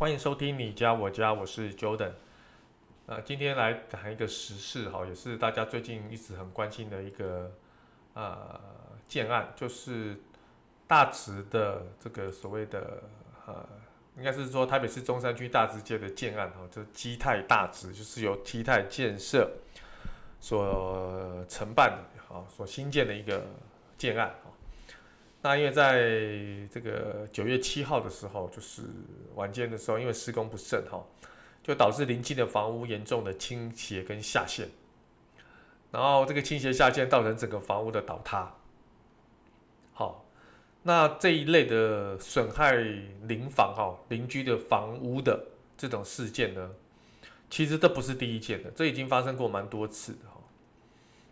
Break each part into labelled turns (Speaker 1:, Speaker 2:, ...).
Speaker 1: 歡迎收聽你家我家，我是 Jordan。呃，今天來談一個時事，哈，也是大家最近一直很關心的一個呃建案，就是大直的這個所謂的呃，應該是說台北市中山區大直街的建案，哈、呃，就是基泰大直，就是由基泰建設所承辦的，好、呃，所新建的一個建案，呃。那因為在這個九月七號的時候，就是晚間的時候，因為施工不慎哈，就導致鄰近的房屋嚴重的傾斜跟下陷，然後這個傾斜下陷造成整個房屋的倒塌。好，那這一類的損害鄰房哈鄰居的房屋的這種事件呢，其實這不是第一件的，這已經發生過蠻多次的。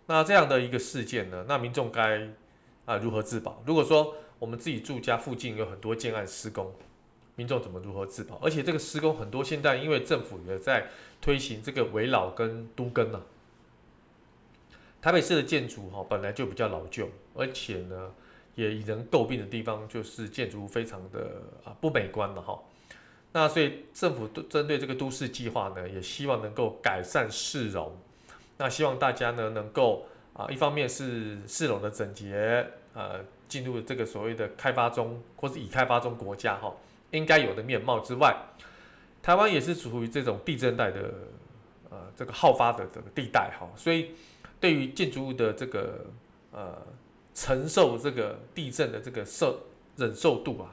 Speaker 1: 那這樣的一個事件呢，那民眾該。啊，如何自保？如果說我們自己住家附近有很多建案施工，民眾怎麼如何自保？而且這個施工很多，現在因為政府也在推行這個危老跟都更、啊。台北市的建築哈、啊、本來就比較老舊，而且呢也引人詬病的地方就是建築物非常的啊不美觀嘛、啊、哈。那所以政府都針對這個都市計劃呢，也希望能夠改善市容。那希望大家呢能夠。啊，一方面是市容的整潔，呃，進入這個所謂的開發中或是已開發中國家哈，應該有的面貌之外，台灣也是處於這種地震帶的呃這個好發的這個地帶哈、呃，所以對於建築物的這個呃承受這個地震的這個受忍受度啊，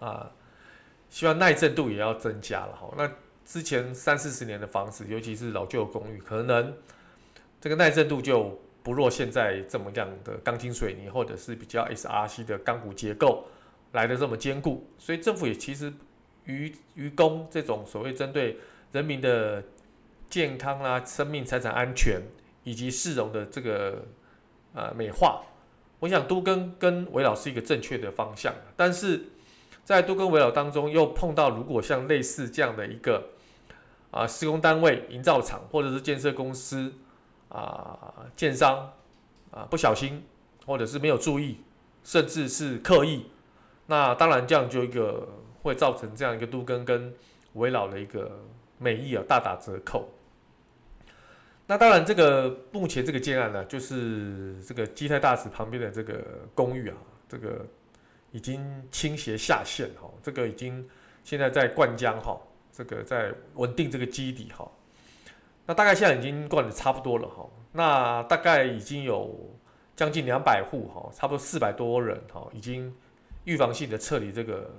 Speaker 1: 啊、呃，希望耐震度也要增加了哈、呃。那之前三四十年的房子，尤其是老舊公寓，可能。這個耐震度就不若現在這麼樣的鋼筋水泥，或者是比較 S R C 的鋼骨結構來得這麼堅固，所以政府也其實於於公這種所謂針對人民的健康啦、啊、生命財產安全以及市容的這個啊、呃、美化，我想都更跟跟危老是一個正確的方向，但是在都更危老當中又碰到如果像類似這樣的一個啊、呃、施工單位、營造廠或者是建設公司。啊，建商啊，不小心，或者是沒有注意，甚至是刻意，那當然這樣就一個會造成這樣一個都更跟危老的一個美意啊，大打折扣。那當然，這個目前這個建案呢、啊，就是這個基泰大直旁邊的這個公寓啊，這個已經傾斜下陷哈、哦，這個已經現在在灌漿哈、哦，這個在穩定這個基底哈。哦那大概現在已經過得差不多了哈，那大概已經有將近兩百戶哈，差不多四百多人哈，已經預防性的撤離這個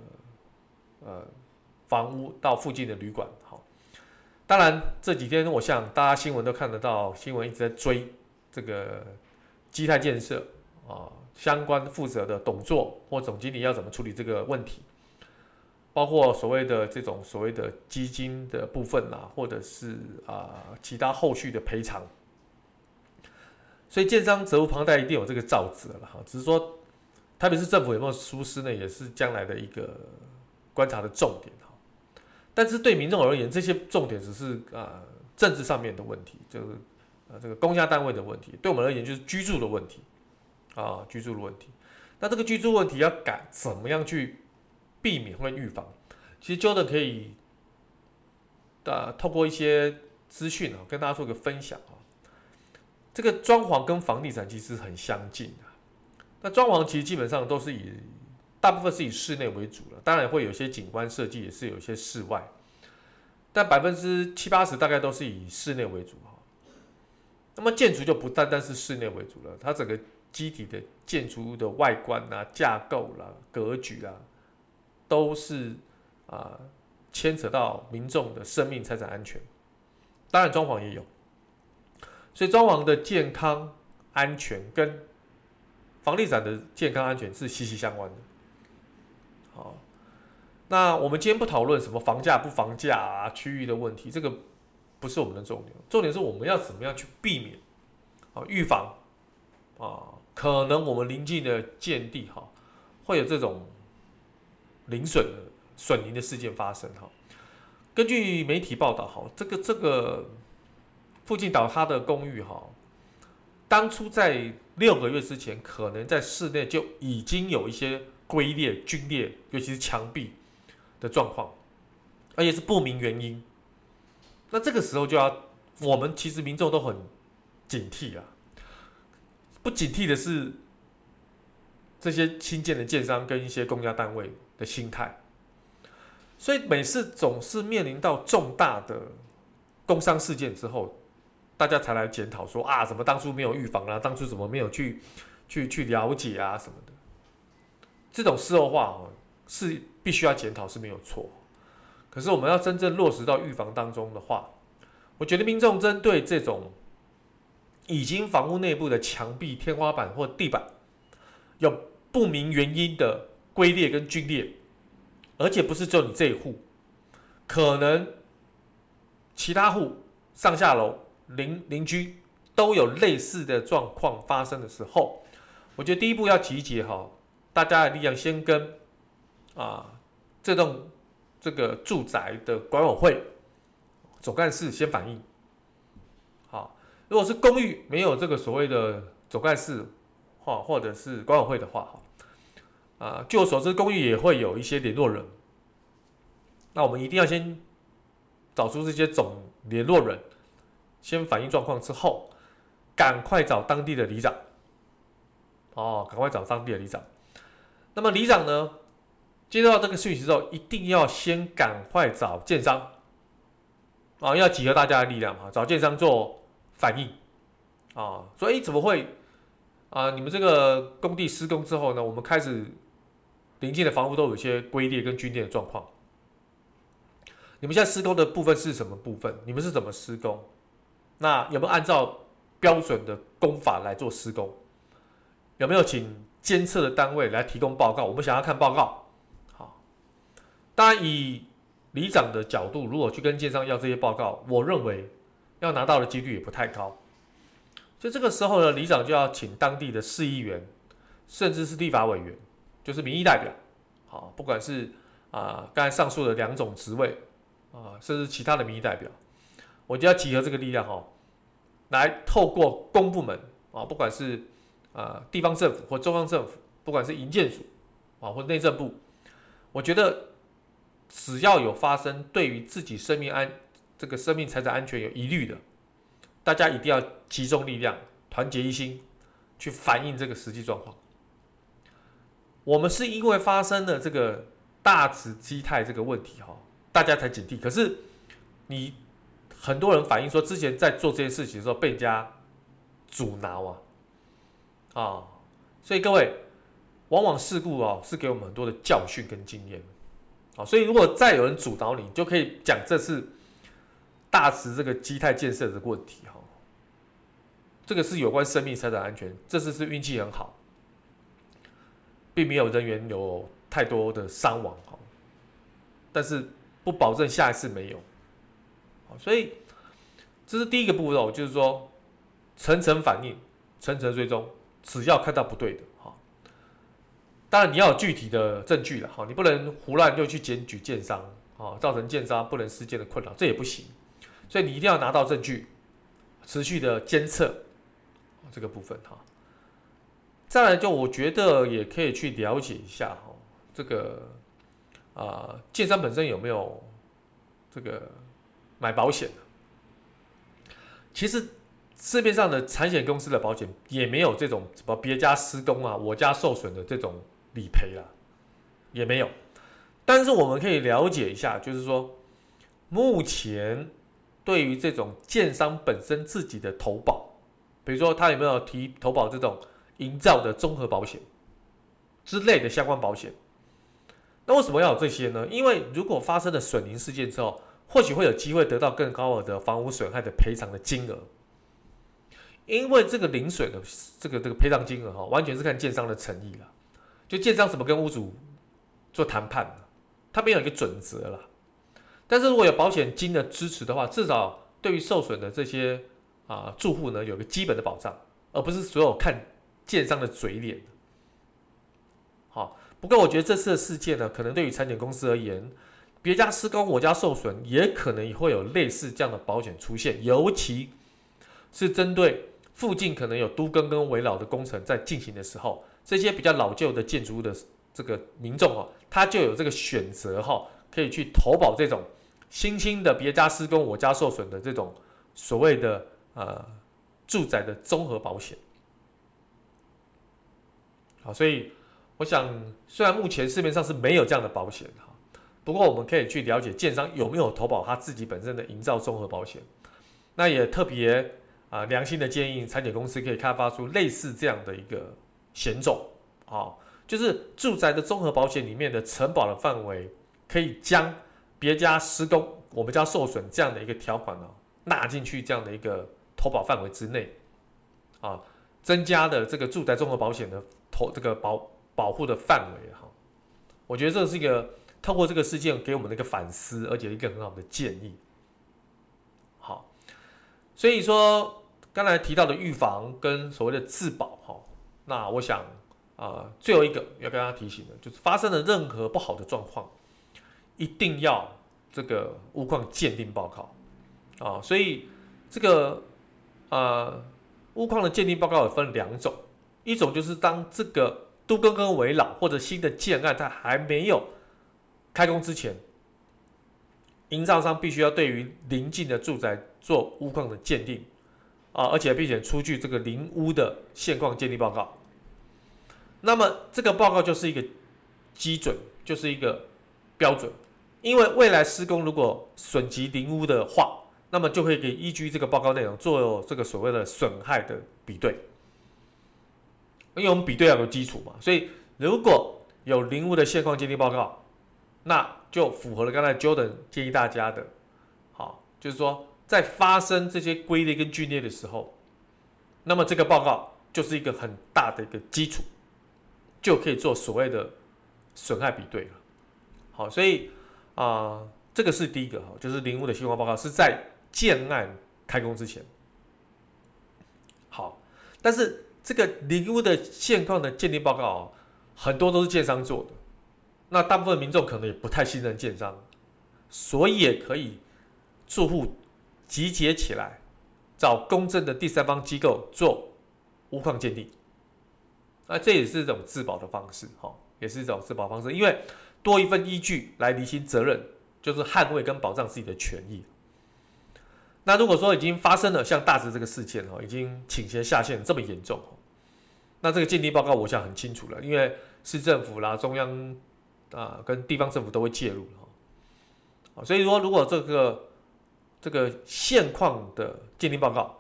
Speaker 1: 呃房屋到附近的旅館哈，當然這幾天我想大家新聞都看得到，新聞一直在追這個基泰建設啊，相關負責的董座或總經理要怎麼處理這個問題。包括所謂的這種所謂的基金的部分吶、啊，或者是啊、呃、其他後續的賠償，所以建商責無旁貸，一定有這個肇責了哈。只是說，特別是政府有沒有疏失呢，也是將來的一個觀察的重點哈。但是對民眾而言，這些重點只是啊、呃、政治上面的問題，就是啊、呃、這個公家單位的問題，對我們而言就是居住的問題啊、呃、居住的問題。那這個居住問題要該怎麼樣去避免或預防，其實 Jordan 可以，啊、透過一些資訊啊，跟大家做個分享啊。這個裝潢跟房地產其實很相近的、啊，那裝潢其實基本上都是以大部分是以室內為主了、啊，當然會有些景觀設計也是有些室外，但百分之七八十大概都是以室內為主哈、啊。那麼建築就不單單是室內為主了、啊，它整個基體的建築物的外觀啦、啊、架構啦、啊、格局啦、啊。都是啊，牽扯到民眾的生命財產安全，當然裝潢也有，所以裝潢的健康安全跟房地產的健康安全是息息相關的好。那我們今天不討論什麼房價不房價啊，區域的問題，這個不是我們的重點，重點是我們要怎麼樣去避免啊預防啊，可能我們臨近的建地哈會有這種。零損鄰的損鄰的事件發生哈，根據媒體報道哈，這個這個附近倒塌的公寓哈，當初在六個月之前，可能在室內就已經有一些龜裂、皲裂，尤其是牆壁的狀況，而且是不明原因。那這個時候就要，我們其實民眾都很警惕啊，不警惕的是。這些新建的建商跟一些公家單位的心態，所以每次總是面臨到重大的工傷事件之後，大家才來檢討說啊，怎麼當初沒有預防啊，當初怎麼沒有去去去了解啊什麼的。這種事後話哦、啊，是必須要檢討是沒有錯，可是我們要真正落實到預防當中的話，我覺得民眾針對這種已經房屋內部的牆壁、天花板或地板，有。不明原因的龜裂跟皸裂，而且不是只有你這一戶，可能其他戶上下樓鄰鄰居都有類似的狀況發生的時候，我覺得第一步要集結哈大家的力量，先跟啊這棟這個住宅的管委會總幹事先反映。好，如果是公寓沒有這個所謂的總幹事。話或者是管委會的話，哈啊，據我所知，公寓也會有一些聯絡人。那我們一定要先找出這些總聯絡人，先反映狀況之後，趕快找當地的里長。哦、啊，趕快找當地的里長。那麼里長呢，接到這個訊息之後，一定要先趕快找建商。啊，要集合大家的力量，哈、啊，找建商做反應。啊，所以怎麼會？啊，你們這個工地施工之後呢，我們開始臨近的房屋都有一些龜裂跟龜裂的狀況。你們現在施工的部分是什麼部分？你們是怎麼施工？那有沒有按照標準的工法來做施工？有沒有請監測的單位來提供報告？我們想要看報告。好，當然以里長的角度，如果去跟建商要這些報告，我認為要拿到的幾率也不太高。所以這個時候呢，里長就要請當地的市議員，甚至是立法委員，就是民意代表，啊，不管是啊剛才上述的兩種職位啊，甚至其他的民意代表，我就要集合這個力量哈，來透過公部門啊，不管是啊地方政府或中央政府，不管是營建署啊或內政部，我覺得只要有發生對於自己生命安這個生命財產安全有疑慮的。大家一定要集中力量，團結一心，去反映這個實際狀況。我們是因為發生了這個大直基泰這個問題、哦，哈，大家才警惕。可是，你很多人反映說，之前在做這些事情的時候被人家阻撓啊，啊，所以各位，往往事故啊、哦、是給我們很多的教訓跟經驗，啊，所以如果再有人阻撓你，就可以講這次。大直這個基泰建設的問題，哈，這個是有關生命財產安全。這次是運氣很好，並沒有人員有太多的傷亡，哈，但是不保證下一次沒有，所以這是第一個步驟，就是說層層反應、層層追蹤，只要看到不對的，哈，當然你要有具體的證據了，哈，你不能胡亂就去檢舉建商，啊，造成建商不能施建的困擾，這也不行。所以你一定要拿到證據，持續的監測，這個部分哈。再來就我覺得也可以去了解一下哈，這個啊，建商本身有沒有這個買保險？其實市面上的產險公司的保險也沒有這種什麼別家施工啊，我家受損的這種理賠啊，也沒有。但是我們可以了解一下，就是說目前。對於這種建商本身自己的投保，比如說他有沒有提投保這種營造的綜合保險之類的相關保險？那為什麼要有這些呢？因為如果發生了損鄰事件之後，或許會有機會得到更高額的房屋損害的賠償的金額。因為這個損鄰的這個這個賠償金額哈，完全是看建商的誠意了。就建商怎麼跟屋主做談判呢？他沒有一個準則了。但是如果有保險金的支持的話，至少對於受損的這些啊、呃、住戶呢，有個基本的保障，而不是所有看建商的嘴臉。好，不過我覺得這次的事件呢，可能對於產險公司而言，別家施工我家受損，也可能也會有類似這樣的保險出現，尤其是針對附近可能有都更跟危老的工程在進行的時候，這些比較老舊的建築物的這個民眾哦，他就有這個選擇哈、哦，可以去投保這種。新興的別家施工我家受損的這種所謂的呃住宅的綜合保險，好，所以我想，雖然目前市面上是沒有這樣的保險哈，不過我們可以去了解建商有沒有投保他自己本身的營造綜合保險。那也特別啊、呃、良心的建議，產險公司可以開發出類似這樣的一個險種，好，就是住宅的綜合保險裡面的承保的範圍可以將。疊加施工，我們將受損這樣的一個條款呢、啊，納進去這樣的一個投保範圍之內，啊，增加的這個住宅綜合保險的投這個保保護的範圍哈，我覺得這是一個透過這個事件給我們的一個反思，而且一個很好的建議。好，所以說剛才提到的預防跟所謂的自保哈、啊，那我想啊，最後一個要跟大家提醒的，就是發生了任何不好的狀況。一定要這個屋況鑑定報告啊，所以這個呃屋況的鑑定報告有分兩種，一種就是當這個都更跟危老或者新的建案它還沒有開工之前，營造商必須要對於鄰近的住宅做屋況的鑑定啊，而且並且出具這個鄰屋的現況鑑定報告，那麼這個報告就是一個基準，就是一個。標準，因為未來施工如果損及鄰屋的話，那麼就可以依據這個報告內容做有這個所謂的損害的比對。因為我們比對要有基礎嘛，所以如果有鄰屋的現況鑑定報告，那就符合了剛才 Jordan 建議大家的，好，就是說在發生這些龜裂跟皸裂的時候，那麼這個報告就是一個很大的一個基礎，就可以做所謂的損害比對了。好，所以啊、呃，這個是第一個哈，就是鄰屋的修繕報告是在建案開工之前。好，但是這個鄰屋的現況的鑑定報告很多都是建商做的，那大部分民眾可能也不太信任建商，所以也可以住戶集結起來，找公正的第三方機構做屋況鑑定，那這也是一種自保的方式哈，也是一種自保方式，因為。多一份依據來釐清責任，就是捍衛跟保障自己的權益。那如果說已經發生了像大直這個事件哦，已經傾斜下限這麼嚴重，那這個鑑定報告我想很清楚了，因為市政府啦、中央啊跟地方政府都會介入。所以說，如果這個這個現況的鑑定報告，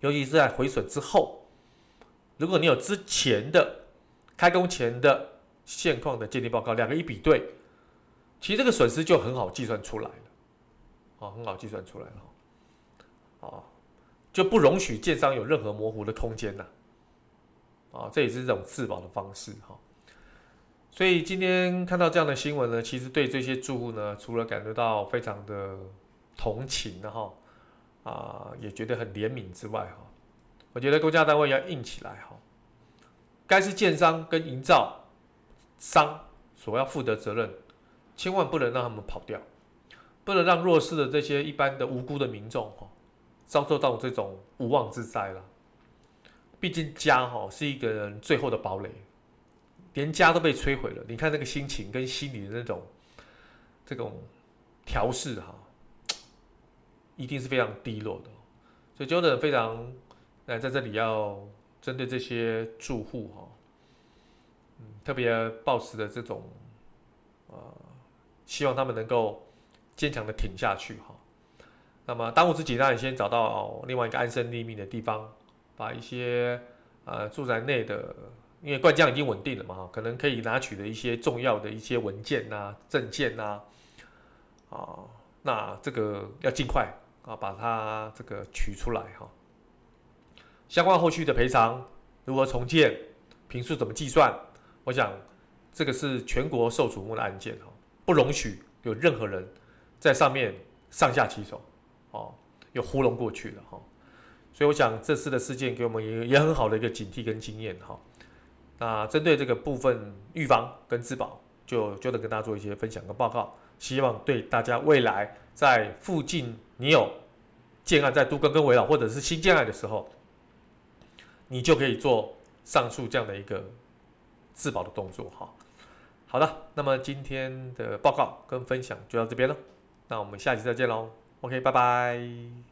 Speaker 1: 尤其是在毀損之後，如果你有之前的開工前的。現況的鑑定報告，兩個一比對，其實這個損失就很好計算出來了，哦、啊，很好計算出來了，哦、啊，就不容許建商有任何模糊的空間吶、啊啊，這也是這種自保的方式哈、啊。所以今天看到這樣的新聞呢，其實對這些住戶呢，除了感覺到非常的同情哈、啊，啊，也覺得很憐憫之外哈、啊，我覺得公家單位要硬起來哈，該、啊、是建商跟營造傷所要負的責任，千萬不能讓他們跑掉，不能讓弱勢的這些一般的無辜的民眾哈、哦，遭受到這種無妄之災了。畢竟家哈、哦、是一個人最後的堡壘，連家都被摧毀了，你看那個心情跟心理的那種這種調適哈，一定是非常低落的。所以 Jordan 非常那在這裡要針對這些住戶哈。哦嗯、特別抱持的這種，呃，希望他們能夠堅強的挺下去哈、哦。那麼當務之急呢，那你先找到、哦、另外一個安身立命的地方，把一些呃住宅內的，因為灌漿已經穩定了嘛，可能可以拿取的一些重要的一些文件吶、啊、證件吶、啊，啊、哦，那這個要盡快啊，把它這個取出來哈、哦。相關後續的賠償、如何重建、坪數怎麼計算？我想，這個是全國受矚目的案件哈，不容許有任何人在上面上下其手，哦，又糊弄過去了哈。所以我想這次的事件給我們也也很好的一個警惕跟經驗哈。那針對這個部分預防跟自保，就就能跟大家做一些分享跟報告，希望對大家未來在附近你有建案在都更跟危老或者是新建案的時候，你就可以做上述這樣的一個。自保的動作，哈，好的，那麼今天的報告跟分享就到這邊了，那我們下期再見嘍，OK，拜拜。